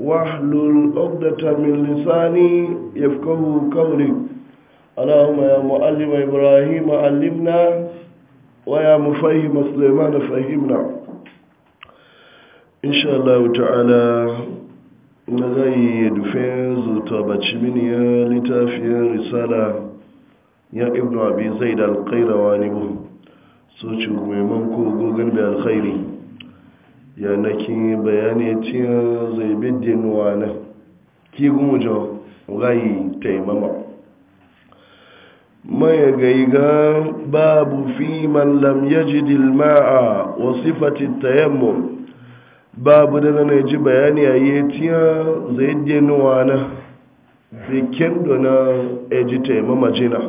واحلل عقدة من لساني يفقه قولي اللهم يا معلم إبراهيم علمنا ويا مفهم سليمان فهمنا إن شاء الله تعالى نغي دفين زوتوبة شمينيا لتافي رسالة يا ابن أبي زيد القيرواني سوچو ميمانكو غوغن بالخيري yanakin bayani cin zaibidin wane ki jo rayi taimama mai gaiga babu fi man lam yajidil ma'a wa sifati tayammum babu da na ji bayani a yi tiya zaidin wane fikin dona eji taimama jina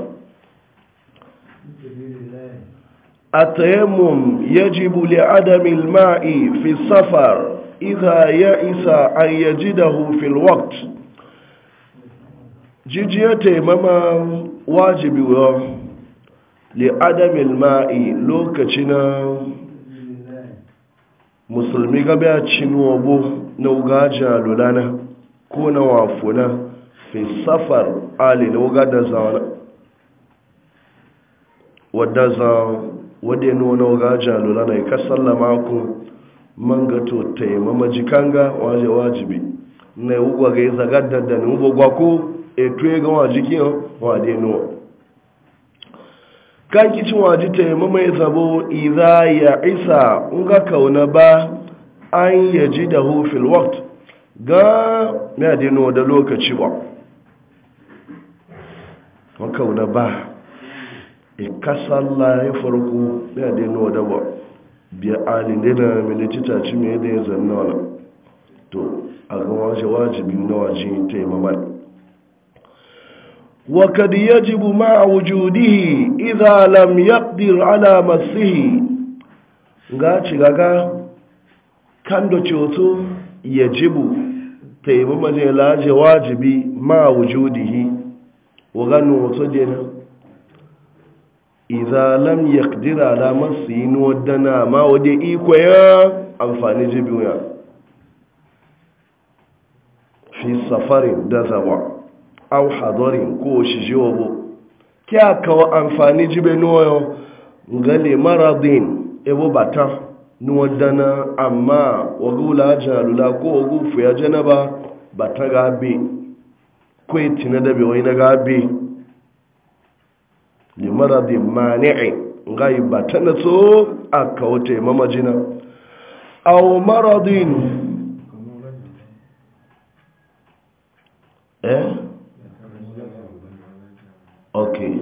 التيمم يجب لعدم الماء في السفر إذا يئس أن يجده في الوقت جيجي تيمما واجب لعدم الماء لوكتنا musulmi gaba ya cinuwa na ugaja lulana ko na wafuna fi safar ali na uga zaune wadda zaune wadda ya nuna ga jalula na ka sallama ku man ga to taimama jikanga waje wajibi na ugwa ga isa gaddar da ni ugwa gwa ko etu ga wajiki wade nuwa ki ci waji taimama ya zabo iza ya isa nga kauna ba an yaji da hufil wakt ga ya da lokaci ba kauna ba ikasalla ya farko ya daina wada ba biya alin daina militi taci mai da ya zanna wala to a ga wajen wajibi na wajen taimama وقد يجب مع وجوده إذا لم يقدر على مسه ngaci gaga kan da yajibu taimama ne laje wajibi ma wujudihi wa iza lam yaqdira ala masin wadana ma wade iko ya amfani jibiya fi safarin da zawa au hadarin ko shijiwa ki kya kawo amfani jibe nuwayo ngale maradin ebo bata nuwadana amma wagula jalula ko wagufu ya janaba bata gabe ko itina dabe na gabe limaradi mani'i ngai batana so aka wata mamajina aw maradin eh okay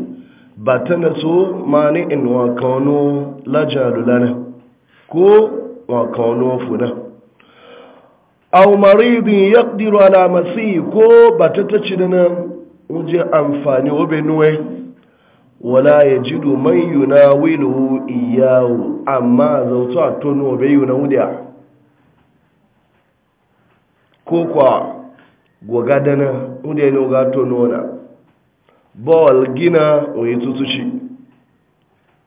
batana so mani'in wa kanu lajalulana ko wa kanu funa aw maridin yaqdiru ala masi ko batata cidana wuje amfani wabe nuwe wala ya jidu man yuna wilu iyawu amma zautu a tono bai yuna wuda ko kwa gwagadana wuda yana wuga tono na bọọl gina oyi tutu shi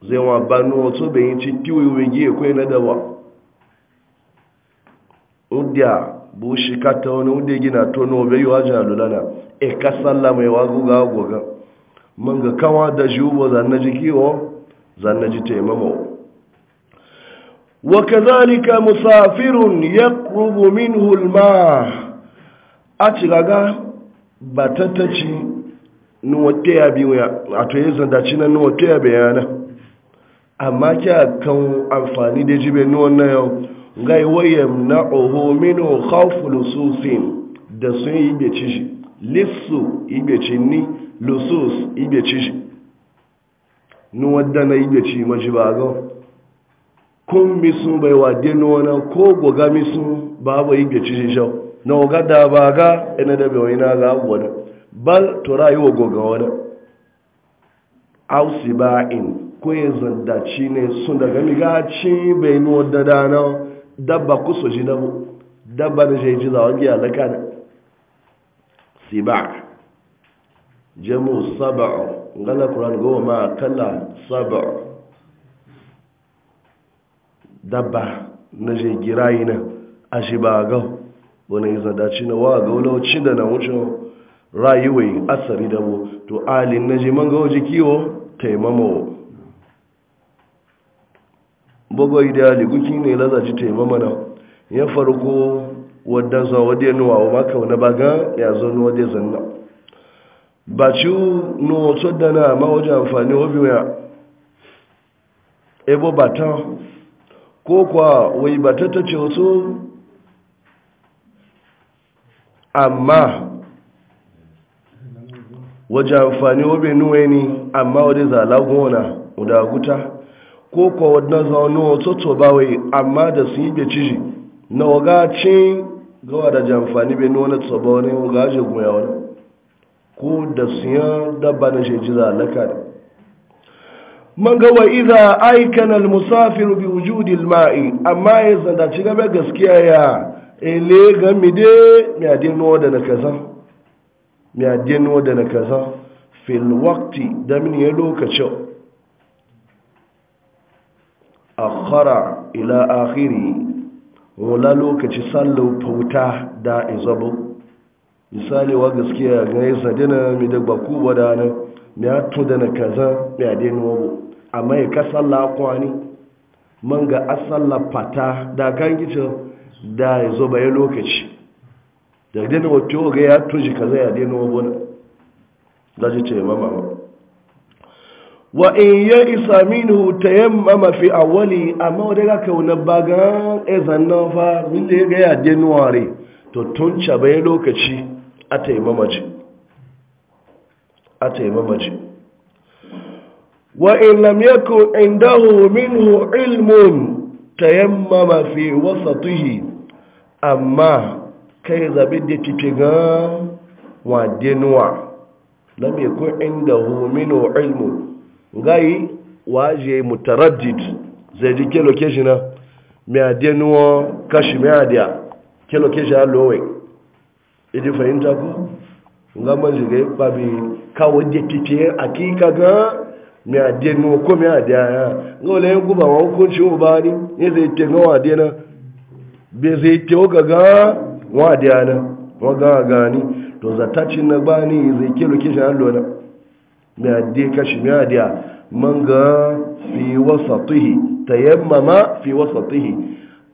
zai wa banu otu bai ci kiwi wigi ekwe na daba wuda bu shi kata wani wuda gina tono bai yi wajen alulana e kasalla mai waguga gwagan man ga kawa da shi ba zan na ji kiwo zan na ji wa kazalika musafirun yaqrubu minhu alma a ci gaga batattaci nuwate ya biyu ya a to yi zandaci na nuwate ya bayana amma ki kan amfani da jibe nuwan na yau gai wayan na oho minu khawful susin da sun yi ibe ci lissu yi ibe ni lusus ibe ci nuwadda na ibe ci maji ba ga kun misu bai wade nuna ko goga misu babu ibe ci shi na oga da ba ga ina da bai wani ga wani bal to rayuwa goga wani ausi ba'in ko ya zandaci ne sun daga migaci bai nuwadda dana dabba kusa ji dabu dabba da shi ji zawon giya lakana siba jamu sab'a ngala qur'an goma ma kala sab'a dabba na je girayi na a shi ba ga wani yi zadaci na wa ga wulauci da na wuce rayuwai asari da mu to alin na je man ga waje kiwo taimama bugo ideali guki ne laza lazaci taimama na ya farko wadda zuwa wadda ya nuwa wa maka wani baga ya zo nuwa da zanna ba ci no da na ma wajen amfani wabi ya ebo bata ko kwa wai bata ta ce wasu amma waje amfani wabi nuwe ni amma wajen zala gona da guta ko kwa wadda zaune wato to ba wai amma da sun yi beciji na wagacin gawa da jamfani bai nuna tsoba wani wagaje goya wani ko da siyan dabba na shi jiza laka ne man ga wa iza aikan almusafir bi wujudi alma'i amma ya zanda ci gaba gaskiya ya ele ga mi de mi adin da na kaza mi adin da na kaza fil waqti da min ya lokaci akhara ila akhiri wala lokaci sallu fauta da izabu misali wa gaskiya ga yi sadina mai da baku da nan mai hatu da na kaza mai adini wabu amma ya ka salla kwani man ga asalla fata da kan gice da ya zo bayan lokaci da da wato ga ya shi kaza ya adini wabu na za ji ce mama ba wa in ya isa minu ta yamma fi awali amma wadda ga kauna eh, bagan ezan nan fa wanda ya ga ya adini ware to tun cabayin lokaci a taimamaji a taimamaji wa in lam yakun indahu minhu ilmun tayammama fi wasatihi amma kai zabi da kike ga wa denuwa lam yakun indahu minhu ilmun gai waje mutaraddid zai ji ke location na mai adenuwa kashi mai adiya ke location lowai idi fahimta ko ngaman jiga ba bi kawo de pipiye akika ga mi ade no ko mi ade aya Nga ngole nguba wa hukunci ni, ne zai te ngawa ade na be zai te o ga? wa de ana wa ga ni. to za ta zataci na ni, zai ke location allo na mi ade ka shi mi ade man ga fi wasatihi tayammama fi wasatihi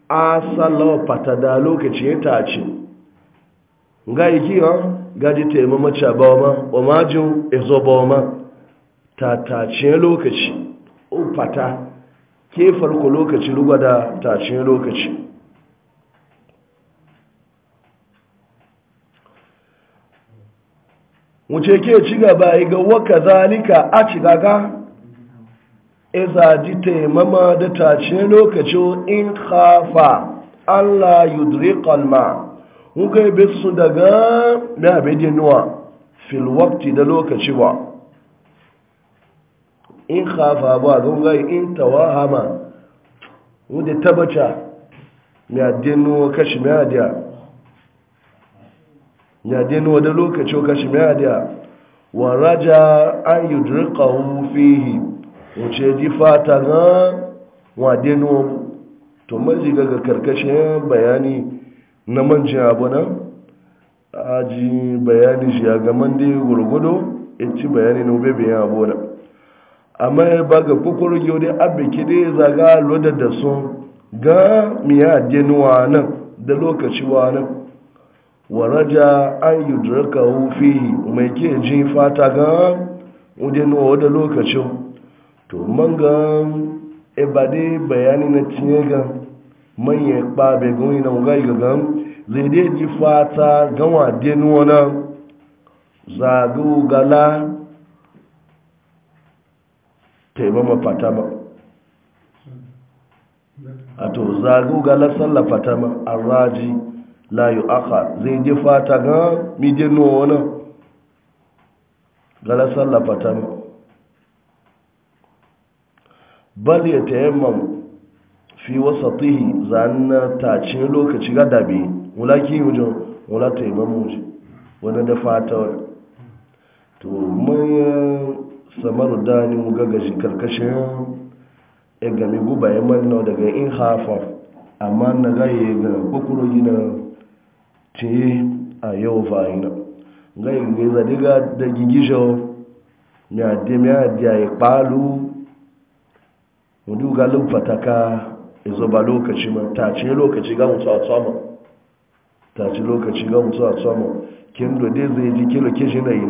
asalaw patada lokaci ta tace nga ikiya gaji tema mace ba ma wa majin ezo ba ma tatacin lokaci ufata ke farko lokaci rugwada tacin lokaci wuce ke ci gaba ga waka zalika a ci gaga iza ji taimama da tacin lokaci in hafa allah yudrikal ma kuka yi su daga da nuwa filwakti da lokaci ba in hafa ba don gai in tawahama wadda tabbata mai nuwa kashi mai adiya mai nuwa da lokaci kashi mai adiya wa raja an yi dirka fihi wuce ji fata na wa nuwa to mazi daga karkashin bayani na manci abana a ji bayani shi a gaman da gurgudu ya ci bayani na ube biyan abona amma ya ba ga kukuru yau da abiki da ya zaga loda da sun ga miya denuwa nan da lokaci wa nan waraja an yi duraka hufi mai ke ji fata ga denuwa da lokacin to man ga ebade bayani na cinye gan manyan ɓabe gani na ngai gagan zai dai ji fata gawa denu wana zagu gala taimama fata ba a to zagu gala sallah fata ma arraji la layu aka zai ji fata ga mi denu wani gala sallah fata ma bal ya taimama fi wasatihi zanna tacin lokaci ga dabe wulaki yujin wula ta yi mamuji wani da fata to manyan samaru dani mu gagashi karkashin ya gami guba ya manna daga in hafa amma na gaye ga kwakwaro gina ce a yau fa'ina gaye ga zadiga da gigisho ya demi ya diya ya kpalu mu duga lumfata ka izo ba lokaci ma ta ce lokaci ga mutu a tsoma ta ce lokaci ga mutu a tsoma kin do dai zai ji kilo kishi na yi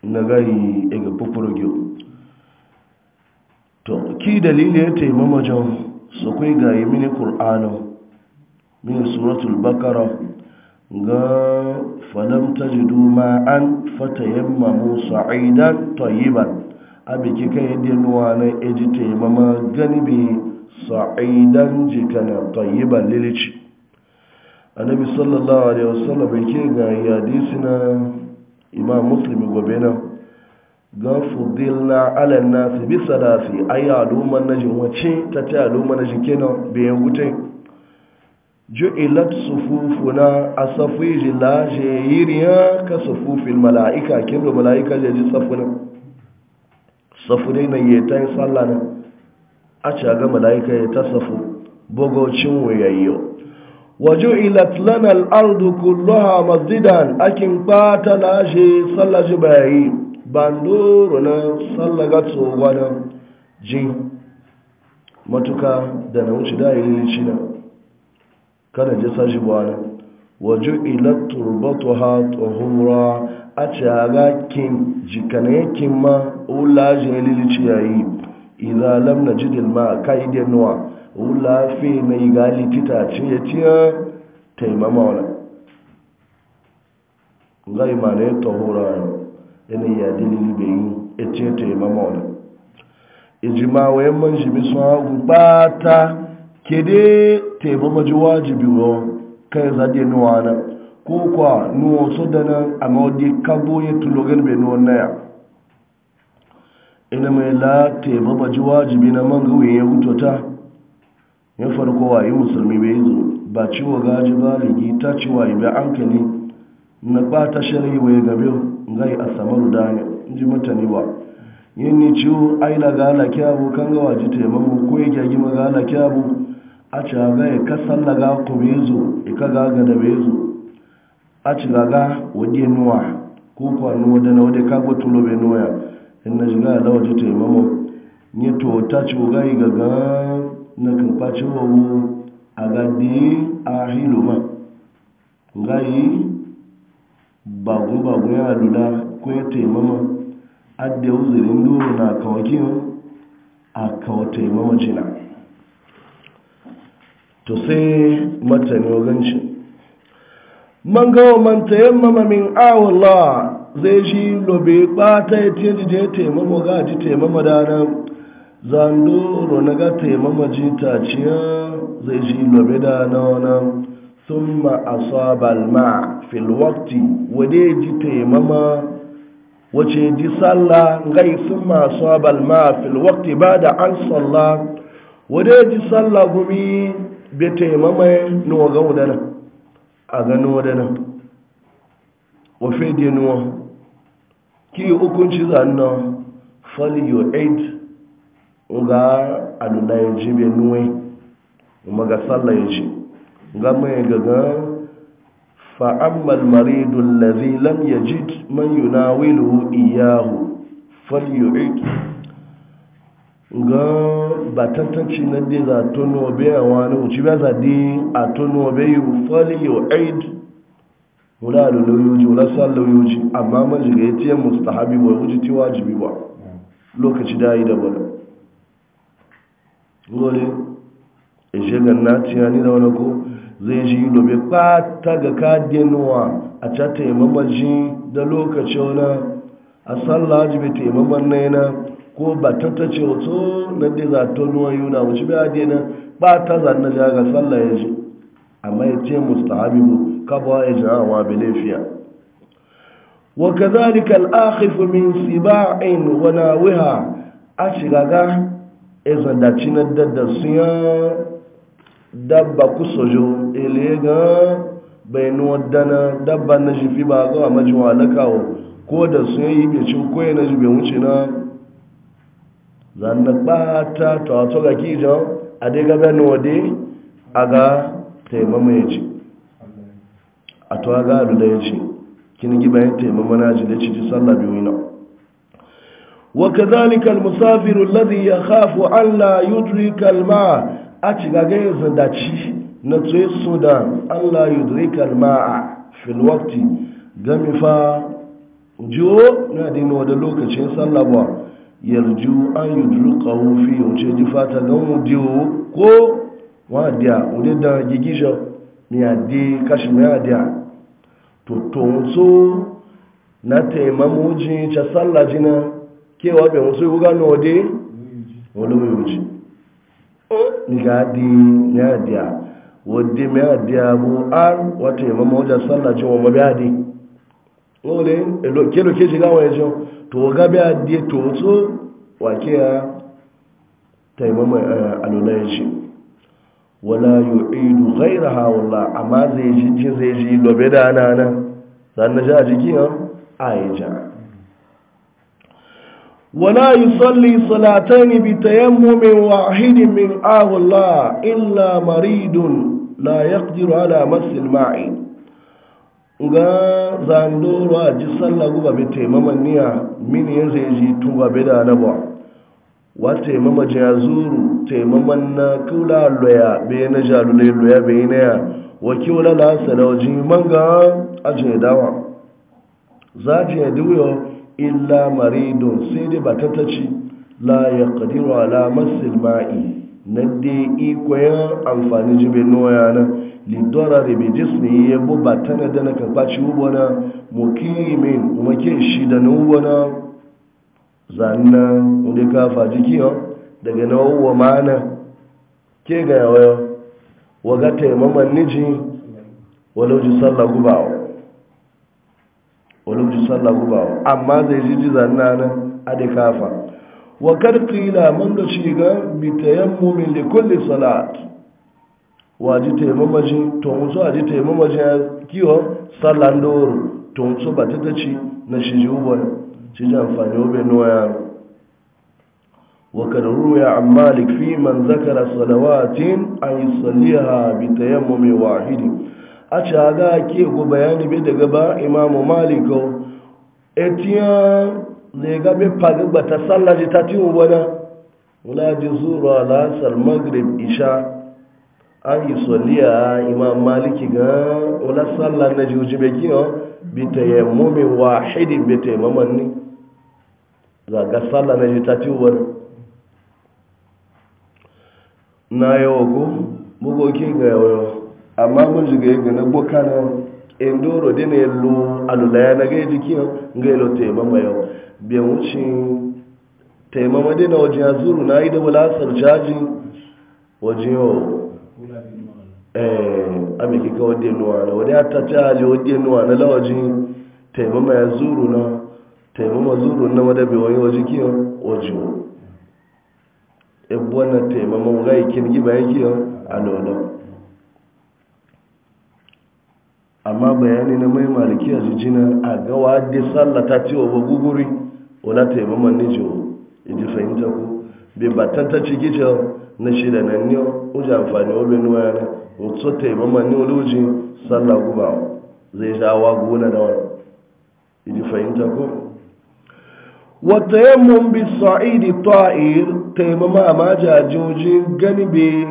na na a e ga fufuro gyo to ki dalilin ya taimama jan su kai yi mini kur'anu mini suratul bakara ga an fata yamma musa aidan tayyiban abiki kan yadda nuwa na ejita mama ganibi sa'idan jikana tayyiban lilici annabi sallallahu alaihi wasallam yake ga hadisi na imam muslim gobe na ga fudilla ala nasi bi salasi ayya aluman najin wace ta ta aluman najin kenan bayan gute ju'ilat sufufuna asafiji laje yiriya ka sufufil malaika kin mala'ika je ji safuna safu dai na yi ta yi tsalla ne a ci ga mala'ika ya ta safu bugocin wayayyo wajo ilatlana al'ardu kulluha masjidan akin ɓata lashe ji bayayi bandoro na tsallaga tsohuwa na jin matuka da na wuce da yi na kada ji sashi buwana wajo turbatu ha tsohuwa a ci ga kin jikana yake ma wula jin lilici yayi idza lam najid al ma ka'idiyar nuwa wula fi na gali tita ce ya ta taimama wala ngai ma na ne tahura ene ya dilili be yi ece taimama ji ma wa yamman shi bi ba ta kede taimama ji wajibi wo kai zade nuwa na ko kwa nuwa su da nan a maudi kabo ya tulogin bai nuwan naya ina mai late ji wajibi na man gawin ya hutota ya farko wa yi musulmi bai zo ba ciwo gaji ba ligi ta ciwa yi bai kani na ɓata shari'i wai gabe gai a samaru da ji mutane ba yin ni ciwo aila ga halaki abu kan gawa ji taimako ko ya gyagi ma ga halaki abu a ci a ga ya kasan laga ku bai zo ya kaga gaga da bai zo a ci gaga wadda nuwa ko kwanu wadda na wadda kago tulo bai nuwa in na shiga da waje taimamo nye ne to ta ci yi gaga na kan kwaci wawo a gadi a hiluma gai bagun bagun ya lula ko ya ta imamu adda uzurin doro na kawakin a kawo imamu jina to sai matani waganci man gawa man ma min awallah zai shi lobe ta ya ce jije taimama ga ji taimama da nan zando na ga taimama ji ciya zai shi lobe da nan sun ma'asaba ma fil waqti wade ji taimama wace ji sallah ngai sun ma'asaba ma fil waqti ba da an sallah wade ji sallah gumi bai taimama ne ga wadana a ganin waɗannan wafe denuwa ki hukunci zannan fali yo aid ga alula ya ji bai nuwai kuma ga tsalla ya ji ga mai gaga fa'ammal maridun lazi lam ya ji man yuna wilu iyahu fali yo aid ga ba tantanci nan dai za tono bai a wani wuce ba za di a tono bai yi fali yau aid wula da lauyoji wula sa lauyoji amma majiga ya tiye mustahabi wa wuce ti wajibi ba lokaci da yi da bada gole ishe ganna tiyani da wani ko zai ji yi lobe kwata ga kadiyanuwa a cata mamaji da lokaci wani a sallah jibi ta mamman na yana ko ba ce wato na dai za ta nuwa yuna wuce bai ade nan ba ta zanna na ga sallah ya ji amma ya ce mustahabibu ka ba ya ja wa bi lafiya wa kan a akhif min siba'in wa wiha a shiga ga ezan na dadda sun ya dabba ku sojo ele ga bai nuwa dana dabba na jifi ba ga na kawo ko da sun yi bai cin koyi na bai wuce na zanna bata to a tsoga ki jo a dai gaba no de aga te mama a to aga du da yace kini gi bayan taimama na ji da ci sallah bi wina wa kadhalika al musafir alladhi yakhafu an la yudrika al ma a ci gaga yanzu da ci na tsoye su da an la yudrika al a fil waqti gami fa jo na dai mawa lokacin sallah yarju an yudrukahu fi oche dị fata di o ko wadiya wade da gigisha ni adi kashi mai adiya to tonso na taimamu ji ca sallah jina kewa bai musu yi gano wade wani mai wuce ni ga adi mai to gabe a da to wato wake ya taimama eh, alulai shi wala yu'idu ghayraha walla amma zai ji ji zai ji lobe da ana nan na ja jiki ha eh, aija wala yusalli salatayn bi tayammumin wahidin min awalla ah, illa maridun la yaqdiru ala masil ma'i ga zandoro a ji sallah guba bi taimaman niya mini ya zai ji tuba bi da nabo wa taimama ji ya zuru taimaman na kula loya bai na jalule loya bai na ya wa na la salawaji man ga dawa za ji ya duyo illa maridun sai dai ba ta ci la yaqdiru ala masil ma'i na iko ikwayen amfani jibe noya na lidora bai jisni ya bu tana da na karfaci ubona mukimin umake shi da na na zanna wanda ka faji kiyo daga na wawa ma'ana ke ga wa waga taimaman niji walau ji sallah gubawa walau ji salla gubawa amma zai ji ji zanna na kafa. wa karkila man da shiga bi tayammumin li kulli salat waji taimamaji to musu waji taimamaji kiyo sallan doro to musu ba ta tace na shiji ubon shiji amfani obe noya wa karru ya ammalik fi man zakara salawatin an yusalliha bi tayammumi wahidi a ci aga ke go bayani bai daga ba imamu maliko oh, etiyan zai ga mai fagin ba ta sallaji ta ciwo wani wula ji zuwa lasar maghrib isha an yi soliya imam maliki ga wula sallar na juji bai kiyo bi ta yi mummi wa hidi bi ta yi mamanni za ga sallar na ji ta ciwo wani na yawa ko bugokin ga yawa amma mun ji ga yi na indoro dina yi lo alulaya na ga yi jikin ga yi lo ta yi mamayawa bai wucin taimama dai na wajen zuru na yi da bulasar jaji wajen yau eh, a mai kika wajen nuwa na wadda ya tafi hali wajen nuwa na lawajin taimama ya zuru na taimama zuru na madabi wani wajen kiyon wajen ebuwan na taimama ga ikin giba ya kiyon a lolo amma bayani na mai maliki a jijina a gawa da sallah ta ce wa guguri wala ta yi mamman ne jiwo ya ji fahimta ku bai batan ta ciki ce na shi da nan uji amfani wa bai nuwa yana wato ta yi mamman ne wani uji sallah guba zai sha wa gona da wani ya ji fahimta ku wata yammun bi sa'idi ta'ir ta yi mamma a majajojin gani bai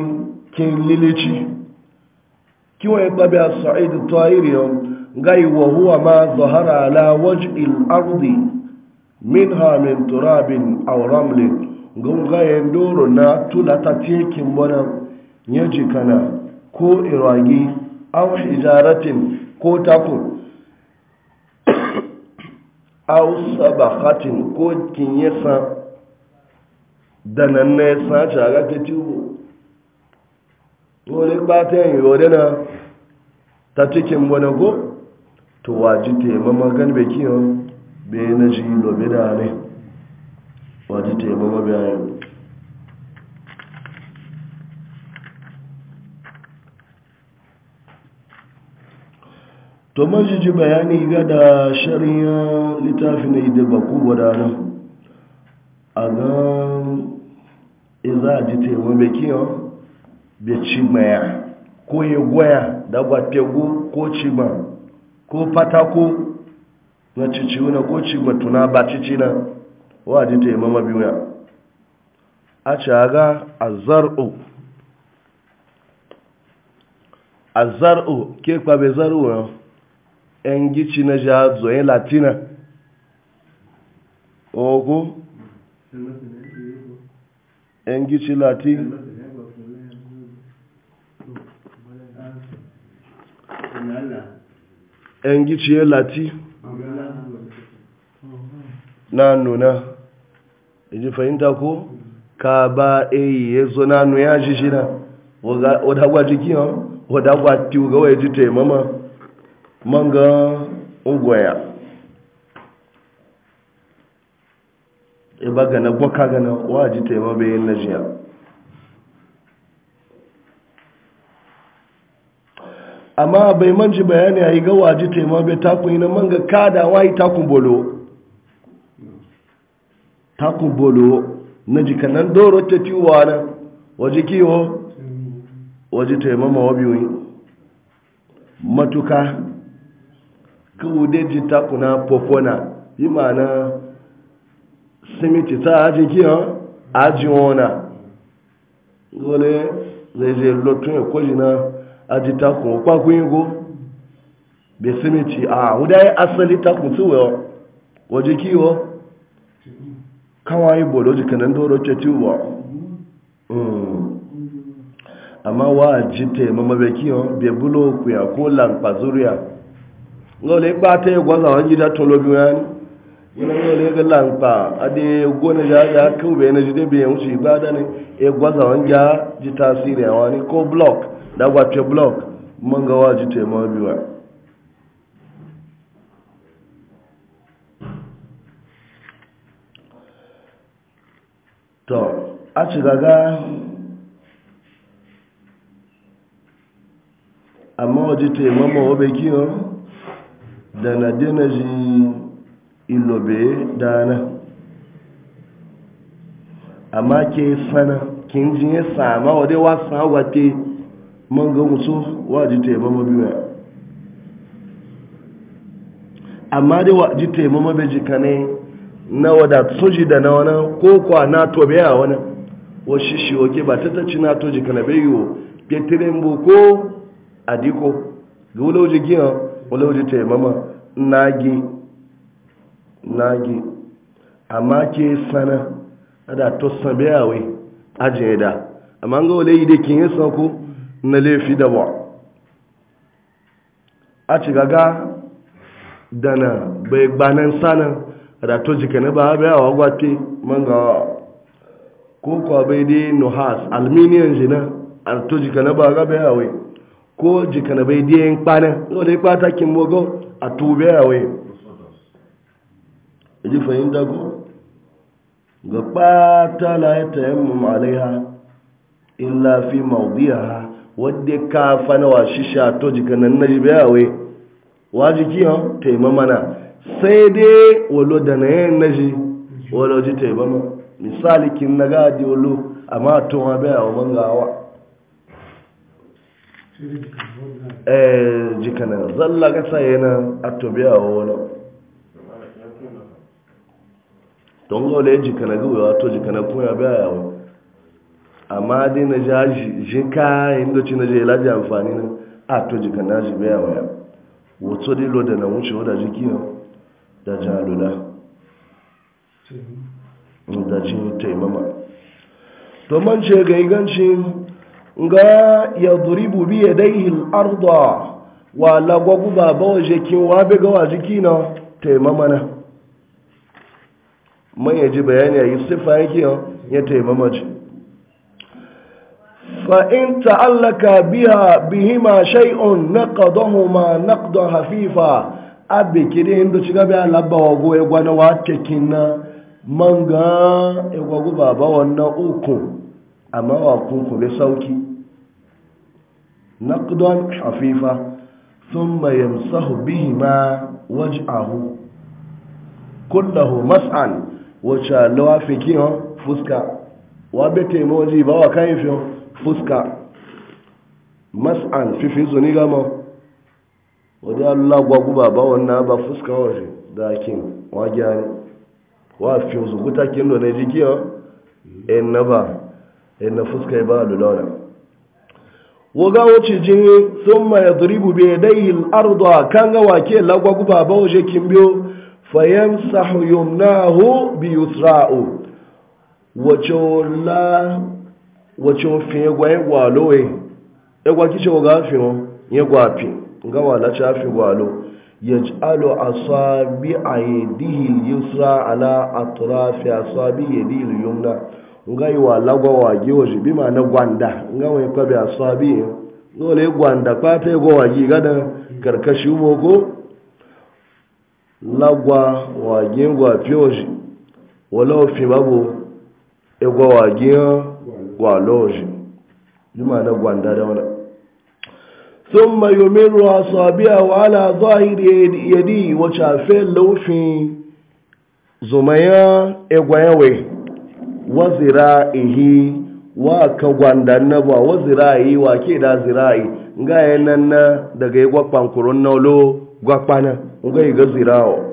kin lilici kiwa ya tabi a sa'id tahiriyon gai wa huwa ma zahara ala waj'il ardi min min turabin a ramlin gun doro na tulata tekin bana ya jikana ko iragi aw hijaratin ko tako aw sabakatin ko kinyesa da nan ne sace a ga wani ba ta yi yore na ta cikin wani go to waji taimama gan beki yau bai na shi lobe da ne waji taimama bayan to majiji bayani ga da shari'a littafi na ide baku nan a ga iza ji taimama yau bai ci maya ko ye goya da gwafegu ko ci ko na cici wuna ko ci tuna ba cici na wajen ta yi mama biya a ci aga a azaru a kwa ke kwabe zar'u na yan gici na ja en latina ogo gi ci latin engi gicciye lati na nuna iji fahimta ko ka ba eyi ezo zo na nuna ya ji shi na wadagwa jiki ha wadagwa tiwu gawa ya ji taimama man ga ugwaya ya ba gana gwaka gana wa ji taimama bayan na jiya amma bai manji bayani a yi ga ji taimar bai takun yi na manga kada wayi takun bolo takun bolo na jikanan doro ta tiwa na waje kiwo waje taimar mawa biyu matuka kawo ji takuna popona yi ma'ana simiti ta ajin kiyan ajin wana gole zai zai lotun ya ajita kuŋkwa kụnyegbu besemeri ah ndị ahịa asarịta kụnsụrụ ọ wọ ji kii ọ kawa ebolo ji kanin n'otu ọrụ kpe kii ọ ọ m hmm. a ma waa ji ma ma be kii ọ be buloku ya ku lankpa zuru ya n'go lebaate gọziri ọrịa ji tolo gị ọrịa ya na ị na-ele nke lankpa adịghị egoni ya ya na-eji de be yen wusi ịba ya na ni ị gwa za ọrịa ji ta da gwace blok man ga waji taimar wa to a ci gaga amma waje taimar mawabe kiyon da na dina ji ilobe dana amma ke sana kin ji ya wa wade wa te. man ga mutu waji taimama biyu amma dai waji taimama bai jika ne na wadatsu ji da na wani ko kwa na tobe a wani wasu shi oke ba ta taci na toji kana bai yiwu petirin bu ko adiko ga wulauji gina wulauji taimama nagi nagi amma ke sana da to sabe a wai ajiye da amma ga wule yi da kin yi sanko na laifi da ba a ci gaga da na bai gbanan sanan rato jika na ba bai awa gwate man ga ko kwa dai nuhas alminiyan jina rato jika na ba ga bai awa ko jika na bai dai yin kpanan yau da ya kpata kin mogo a tube awa ji fahimta ko ga kpata la ya tayammum alaiha illa fi mawdiyaha wadda ka fana wa shi sha to jika nan na jibe yawe wa jiki yan taimama na sai dai walo da na yin ji walo ji taimama misali kin na gaji walo amma to ma bai yawa man gawa eh jika nan zalla ka sai yana to bai yawa walo don gole jika na gawa to jika na kuma bai yawa amma dai na ja shi inda ci na je labi amfani na a to jika na ji baya waya wato dilo da na wuce wadda jiki na da jalula da ji taimama to man ce ga ingancin ga ya duribu bubi ya daihi al'arda wa lagwagu ba ba wa jikin wa bi wa jiki na taimama na man ya ji bayani a yi siffa yake ya taimama ce فإن تعلق بها بهما شيء نقضهما نقضا خفيفا abe kiri ndo ci gabe alaba wago egwa na wata kina manga egwa gu baba wannan uku amma wa kunku bai sauki naqdan hafifa thumma yamsahu bihima waj'ahu kullahu mas'an wa cha lawa fikihu fuska wa bete moji ba wa kai fuska mas'an fifi zuni gama wadda allah gwagu baba wannan ba fuska waje da kin wagiya ne wa fi zuguta kin da na jikiya en na ba en na fuska ba lulawa waga wuce jini sun ma ya duribu bai dai al'arda kan ga wake lagwagu baba waje kin biyo fayan sahuyumnahu bi yusra'u wace la wacin fiye gwa ya gwalo ya ya wa gafi ma ya gwafi ga wala ji alo a bi a yi yusra ala a turafi a bi ya dihil yumna nga yi wa lagwa wa giwa shi bi ma na gwanda nga wani kwabi a bi ya nga wale gwanda kwata ya gwa gi gada karkashi moko lagwa wa gingwa fiye wa shi wala ofi babu egwa wagiyan gwaloji juma na gwanda da wani sun mayomin ruwa su abiya wa ala zahiri yadi wacce afe laufin zumaya egwayawe wazira ihi wa ka gwanda na ba wa zira'i wa ke da zira'i ga yanan na daga yi gwakpan kurun na olo gwakpana ga yi ga zira'o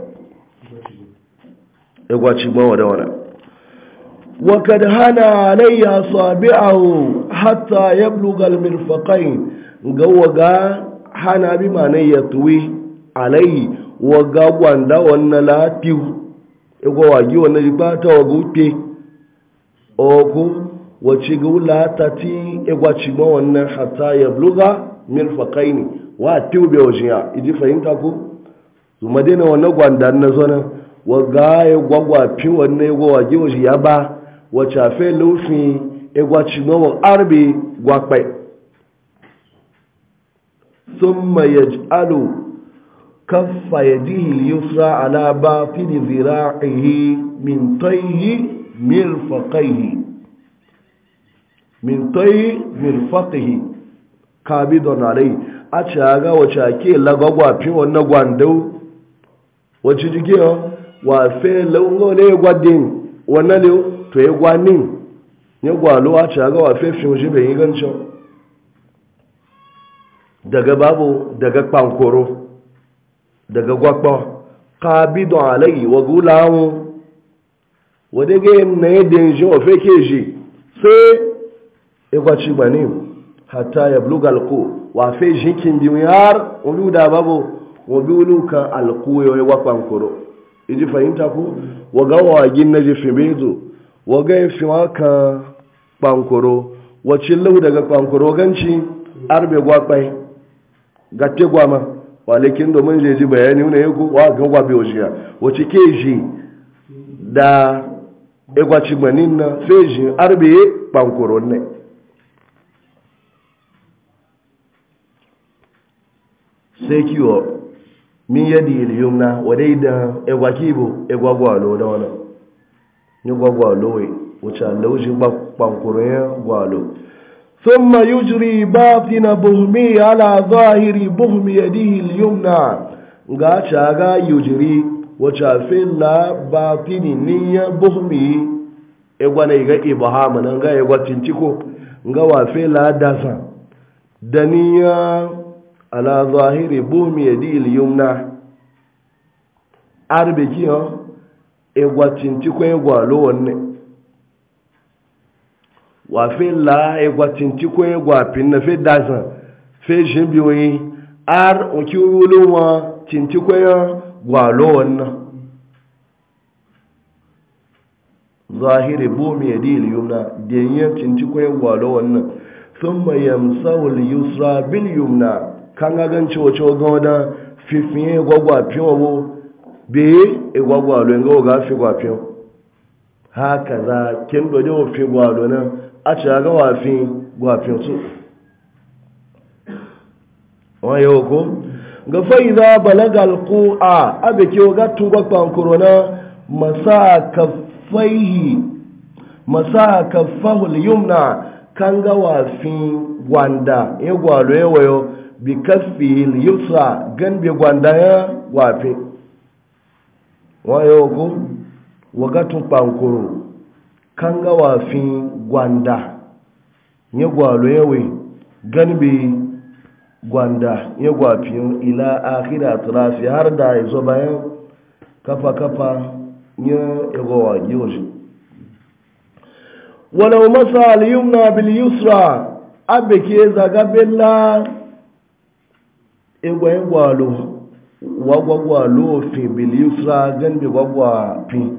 egwaci gbawa da وقد هنا علي أصابعه حتى يبلغ المرفقين قوة hana bi ma ne ya tuwe alayi wa ga gwanda wannan lafiyu igwa wagi wannan riba ta waga upe oku wace ga wulata ti igwa cigba wannan hata ya bluga mirfakai ne wa tiwu bai wajen ya iji fahimta ku su madina wannan gwanda na zonan wa ga ya gwagwa fi wannan igwa wagi wajen ya ba wacce fi fe lufin igwaci mawan arbi gwakwai sun mai yaj'alu kaffa yadihi yusra ala ba fi zira'ihi min tayyi mirfaqaihi min tayyi mirfaqihi a ci aga wacce ake lagwagwa fi gwandau jike wa na to ya gwanin ya gwalo a caga wa fefin shi bai yi gancin daga babu daga kwankoro daga gwakpa don alayi wa gulawun wadda ga na yadda yin shi wa ke shi sai igwaci gbani hatta ya bulu galko wa fe kin biyu har wani da babu bi wabi wulukan alko wa wakwankoro iji fahimta ko wa gawa gin na jifin bezo waga fi maka kpankoro wacin lau daga kpankoro ganci arbe gwakwai gate gwama walekin domin je ji bayani wani yau wa ga gwabe wajiya wace ke ji da egwaci manin na fejin arbe kpankoro ne sai kiwo min yadi iliyumna wadai da egwakibo egwagwalo da wani ni gwa gwalo we wuce an lauji ba kwankuru ya gwalo sun ma yi jiri ba fi na buhumi ala zahiri buhumi ya dihi liyumna ga ci aga yu'jiri jiri wuce fin na ba ni niya buhumi ya gwana ya ga iba ha mana ga ya gwa cinciko ga wa fi la dasa da niya ala zahiri buhumi ya dihi liyumna arbe egwa tintikon egwa lo wanne wafin la egwa na fe dazan fe jin ar oki wa tintikon egwa lo zahiri bomi ya e dili yumna denyen tintikon egwa lo wannan sun mayan saul yusra bil yumna kan gagan cewa fifiye be egwagwa lo ngo ga fi gwa fi haka za kin do jo fi gwa lo na a ci ga wa fi gwa fi su wa yo ko ga fa idza balaga alqa abe ke ga tu ba pa corona masa kaffaihi masa kaffahu alyumna kan ga wa fi gwanda e gwa lo yo bi kaffi yusra gan bi gwanda ya wa fi wayogo wagatun kpankuru kanga wafin gwanda ya gwalo yawai ganbe gwanda ya gwafin ila akhira trafi har da izo bayan kafa kafa ya igowa yoshi walau masa al-yumna bil yusra abike zaga la igwayen gwalo wagwagwa lofi bil yusra gan bi gwagwa fi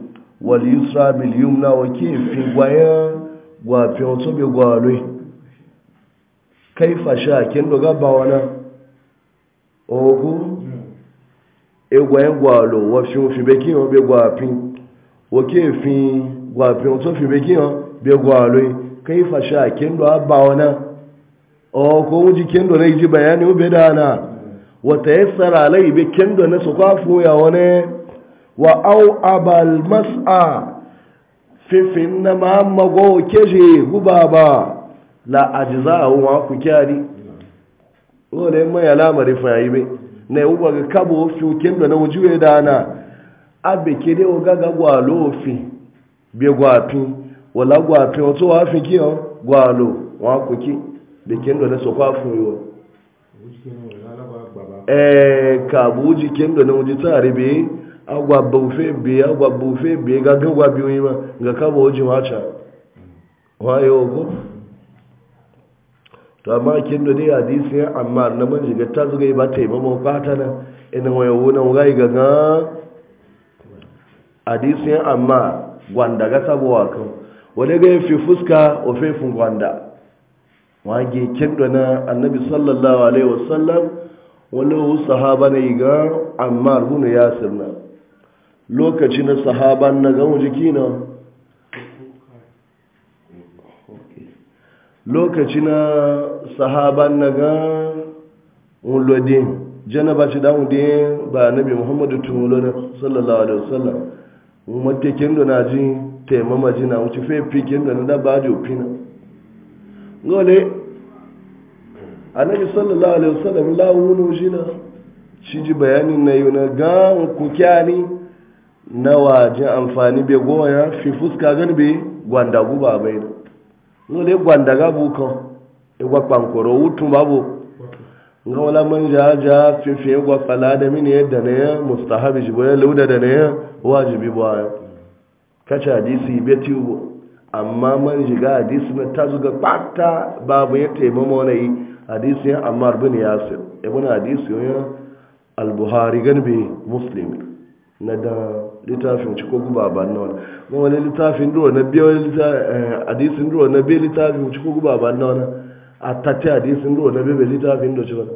wal yusra bil yumna fi gwayan gwa fi wato bi gwalo kaifa sha kin doga ba wana ogu e gwaya gwalo wa fi fi be kin be gwa fi wa ke fi gwa fi wato fi be kin be gwalo kaifa sha kin do ba wana o ko wuji kin do ne ji bayani u be dana wata yassara alai be kendo na su ya wani wa au abal mas'a fifin na ma'amma gowa keje ba la ajiza a wa ku kyari wale mai alamari fayi be na yi uba ga kabo fi kendo na wujuwe dana abe kede o gaga gwalo fi be gwafi wala gwafi wato wa fi gwalo wa ku ki be kendo na su kwafu ee eh, kabu jikin da na wuji tare biye agwa bufe biye agwa bufe biye ga gwa biyu ma ga kaba wuji wacha waye ko to amma kendo da dai hadisi ya amma na man ta zuga ba ta ba mu fata na ina waye wona ngai ga ga hadisi ya amma gwanda ga sabuwa kan wale ga fi fuska ofefin gwanda wage kendo na annabi sallallahu alaihi wasallam wani sahaba na iga amma rubuna ya na lokaci na sahaban na gama jiki na lokaci na sahaban na ga wulodin janaba ci damudin ba nabi muhammadu tumulona sallallahu alaihi wasallam matakin da na ji taimama jina wuce fai fikin da na daba jofina gole annabi sallallahu alaihi wasallam lawunu jina shi ji bayanin na yi na gan ku kyani na wajen amfani bai goya fi fuska gan bai gwanda baba bai na nole gwanda ga bukan igwa kwankoro wutun babu nga wala man ja ja fi fi igwa fala da mini yadda na ya mustahabi ji boye lauda da na ya wajibi bayan kace hadisi bai tiwo amma man jiga hadisi na tazuga kwata babu ya taimama wani hadisi ya ammar bin yasir ibn hadisi ya al-buhari ganbe muslim na da littafin ci ko guba ba na wani ma wani littafin duro na biyo hadisin duro na biyo littafin ci ko guba ba na wani a tatti hadisin duro na biyo littafin da ci wani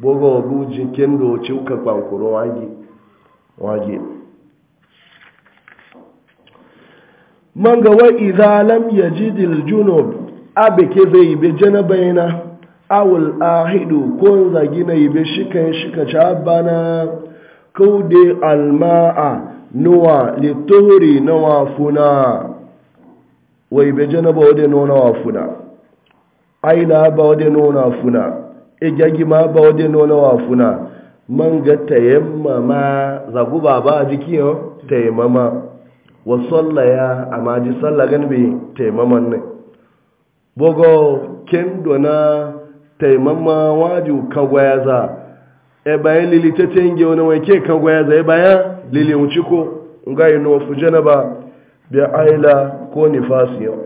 bogo gujin kendo ci uka kwankuro wage wage man ga wa idza lam yajid al-junub abike zai be janabaina awul ahidu ko zagi na yibe shi shika ca bana kaude alma'a nuwa littori na wafuna wai be ba wade nuna wafuna aina ba wade nuna wafuna igyagi ma ba wade nuna wafuna man ga tayammama zagu ba ba jiki yau tayammama wa sallaya amma ji gani bai tayammaman ne bogo kendo na taimama waju kagwayaza e bayan lili ta tenge wani wake kagwayaza e bayan lili wuciko nga yi nufu janaba bi aila ko nifasi yau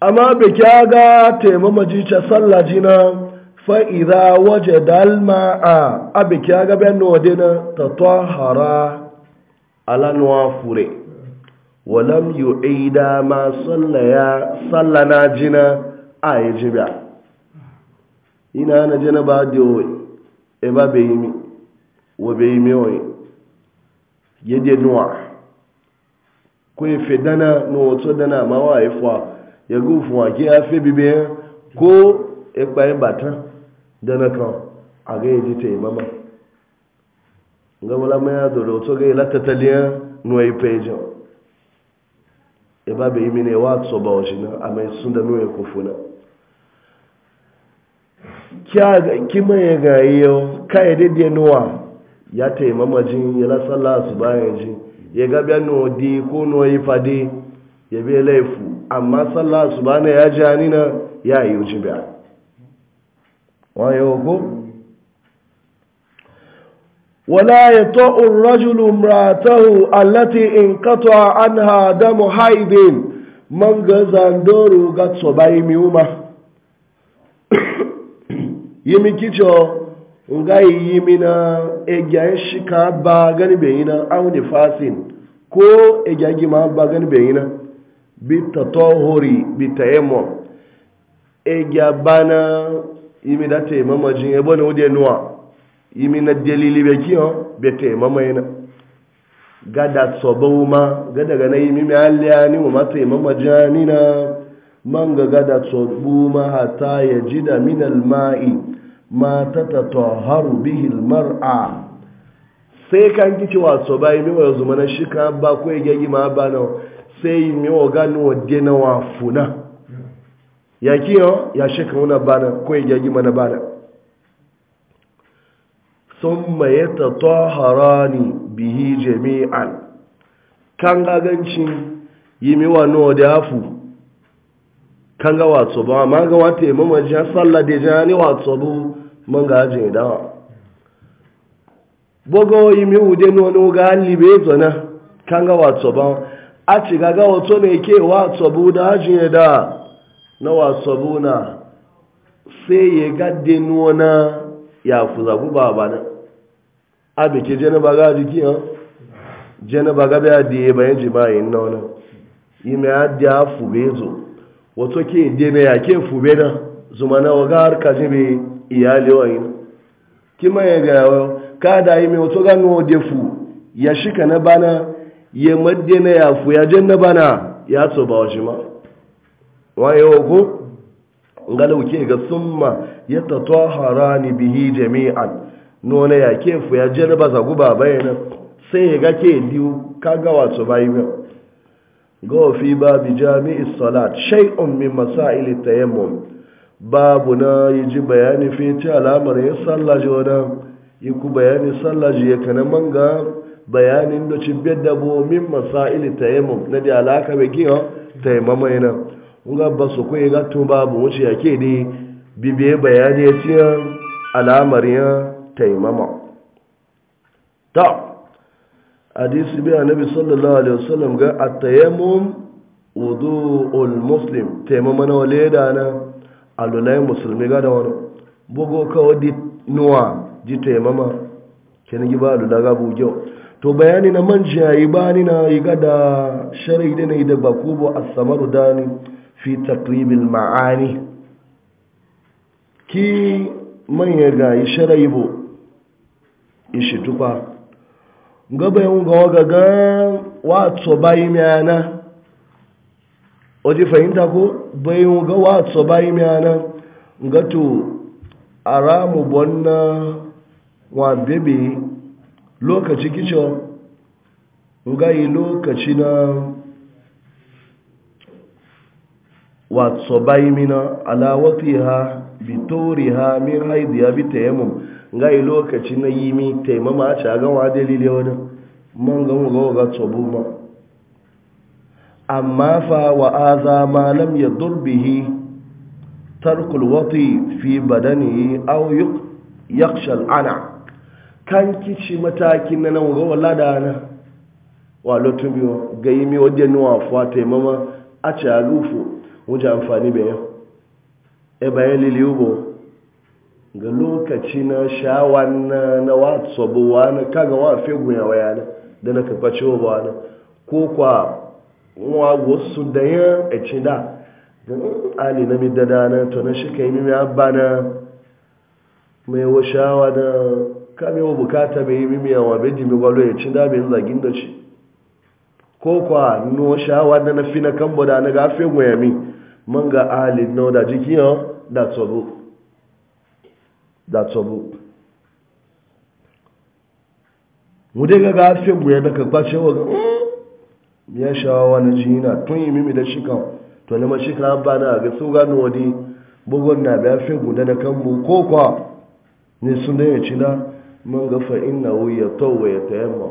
amma bi kyaga taimama jica sallah jina fa'iza waje dalma a abi kyaga bayan wadina ta tohara alanuwa fure walam yu'ida ma sallaya sallana jina a yi ina na ba di e ba be yimi wo be yimi oyi yede nuwa ko ife dana no oto dana ma wa efo ya go fun wa ke afe bibe ko epa e, e batan dana kan aga yeji e te e mama nga wala ma ya dole oto ga ila tataliya no e eba be yimi ne wa tsoba a ama sunda no e na kyaga kima ya gayi yau kai dide nuwa ya ta yi mamajin ya lasala su bayan ji ya gabi ya nuwa di ko nuwa yi fadi ya biya laifu amma sala su bane ya ji hani na ya yi uji biya wa ya wako wala ya to'un rajulu muratahu allati in qata anha damu haidin man gazan doro ga tsobai miuma. umar yimi kicho ngai yimi na egya shika ba gani bayina aw ne fasin ko egya gima ba gani bayina bi tatahuri bi tayammum egya bana yimi da te mama jin e bona wode nuwa yimi na dalili be kiyo be te mama yana gada sobo ma gada gana yimi mi alya ni ma te mama jani na manga gada sobo ma hata yajida min al-ma'i ma ta tattaharu bihil mar'a sai kan kici wato bayi mi wa zuma na shika ba ko ya gagi ma ba na sai mi wa gani wa dena wa funa ya kiyo ya shika wuna ba na ko ya gagi mana ba na summa ya ni bihi jami'an kan gagancin yi mi wa no da afu kan ga wato ba ma ga wata imama ya sallah da jani wato bu man ga ajin dawa gbogbo yi mi wude no no ga libe zona kan wato ba a ci gaga wato ne ke wato bu da ajin da na wato bu na sai ya ga de na ya fuza ku baba na abi ke je na ba ga jiki ha je na ba ga ba di e ba yin e jima'i na wala yi mi adi afu be zo wato ke nde na ya ke fube na zuma na waga har ka jibe iyali wayi kima ya ga da yi mai wato gano defu ya shika na bana ya madde na yafu ya jan na bana ya so ba wa shi ma waye ko ngalau ke ga summa ya tatahara bihi jami'an nona ya ke fu ya jan ba za guba bayana sai ya ga ke ka ga wato bayi mai go fi ba bi jami'is salat shay'un min masail tayammum babu na yi ji bayani fi ci alamar ya sallaji wadda yi ku bayani sallaji ya kana manga bayanin da ci da bo min masaili mu na da alaka bai giyo tayammama yana nga ba su gato babu wuce yake ne bibiye bayani ya ci alamar ya mama ta hadisi bi annabi sallallahu alaihi wasallam ga at-tayammum wudu'ul muslim tayammama na wale da na alunai musulmi ga da wani bugo kawai di nuwa ji taimama kenan gi ba alula ga bugyau to bayani na manja yi bani na yi ga da shari'i da na yi da bakubo a samaru dani fi takribin ma'ani ki manya ga yi shari'i bo ishi tukwa gaba yawon ga wagaga wato bayi mai waje fahimta ko bayan ga wasu bayi miyana gato a ramu bonna wa bebe lokaci kicin ngayi lokaci na wasu bayi mina alawati ha bitori ha min haidi ya bi tayammum ngayi lokaci na yi mi taimama a ci a gawa dalilai ọdụ man ga gawa ga tsobo ma amma fa wa aza malam ya durbihi tarkul wati fi badani au yakshal ana kan kici mataki na nan ga wala da na wa lotun biyo ga yi mi wajen nuwa fuwa taimama a ci a rufu wajen amfani bayan e bayan liliubo ga lokaci na sha'awan na watsa buwa na kaga wa fi gunya waya da na kafa ciwo ba ko kwa wa wasu da yan eci da ali na midada na to na shi kai mimi abba na mai washawa da kame wa bukata mai yi mimi yawa bai jimi gwalo ya ci da bai zagin da ci ko kwa no shawa da na fi na kambo da na gafe gwayami man ga ali na da jiki yau da tsobo da tsobo mu dai ga gafe gwayami ka kwace wa ga hmm, biya shawa na jina tun yi mimi da shikan to na mashika ba na ga su gano wani bugun na biya fi guda na kanmu ko kwa ne sun da ya ci na man gafa ina wuya tauwa ya ta yamma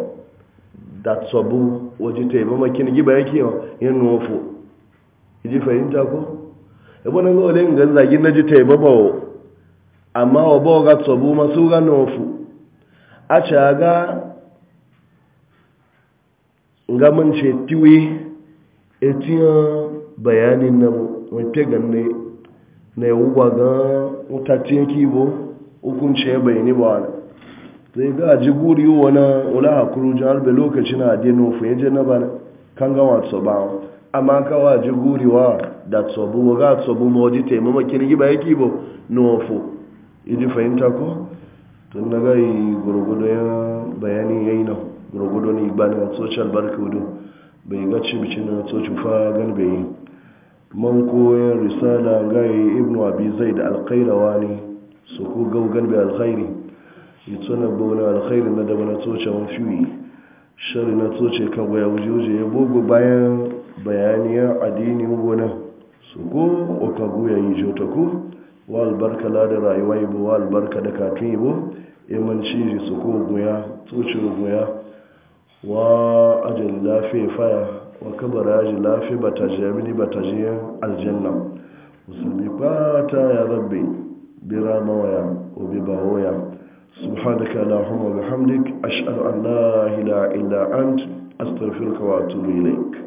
da tsabu waje ta yi ba makin giba yake yin nufo ji fahimta ko yabo nan ga wale ga zagin na ji ta yi ba bawo amma wa bawa ga tsabu masu ga nufo a ci ga nga man ce tiwi etiyan bayanin na wafe ganne na yau ba ga mutacin kibo hukunce ya bayani ba wani sai ga ji guri wani wula hakuru jihar bai lokaci na adi adinu fiye na ba kan gawa tsoba amma kawa ji guri wa da tsobu ga tsobu ma waje taimama kirgi ba ya kibo nufu wafo fahimta ko tun na gai gurgudu ya bayani ya yi na gurgudu ne gbani a social barcode bai ga cibici na tsocin fa bai yi man koyar risala yi ibnu abi zaid alkhairawa ne su ku gau bai alkhairi ya tsona bauna alkhairi na da wani tsocin fiye shari na tsoce kan waya wuje-wuje ya bugu bayan bayaniyar adini gona su ko okagu ya yi jotaku wa albarka da rayuwa bu wa albarka da katun yi bu yamanci su ku guya tsocin guya wa ajin lafiya faya wa kabara ajin lafiya ba ta jiya mini ba ta aljanna musulmi ba ta ya rabbi bira mawaya obi ba waya subhanaka allahumma bihamdik ashhadu an la ilaha illa ant astaghfiruka wa atubu ilaik